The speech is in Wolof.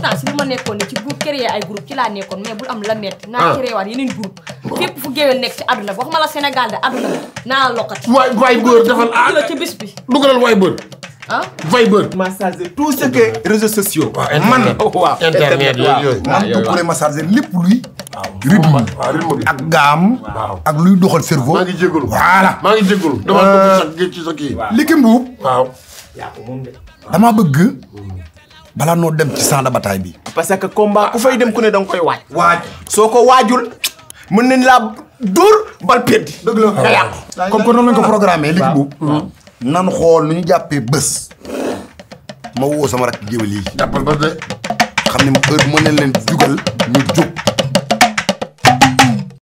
pourtant si ma nekkoon ni la ah. ci àdduna waxuma la Sénégal bër defal ah, ci bis ah? réseaux sociaux. man waaw internet massager lépp luy. rythme ak gaam. ak luy doxal cerveau. maa ngi jégalu euh, dama bëgg. balaa noo dem ci champ de bataille bi. parce que combat ku fay dem ku ne danga koy waaj. waaj soo ko waajul mën nañ laa dóor bal peddi. dëgg la nga yàqu. comme que noonu lañ ko programmé li ci nan xool nu ñu jàppee bës ma woo sama rakk géwél yi. jàppal bés de. xam ne heure bu ma leen leen jugal ñu jóg.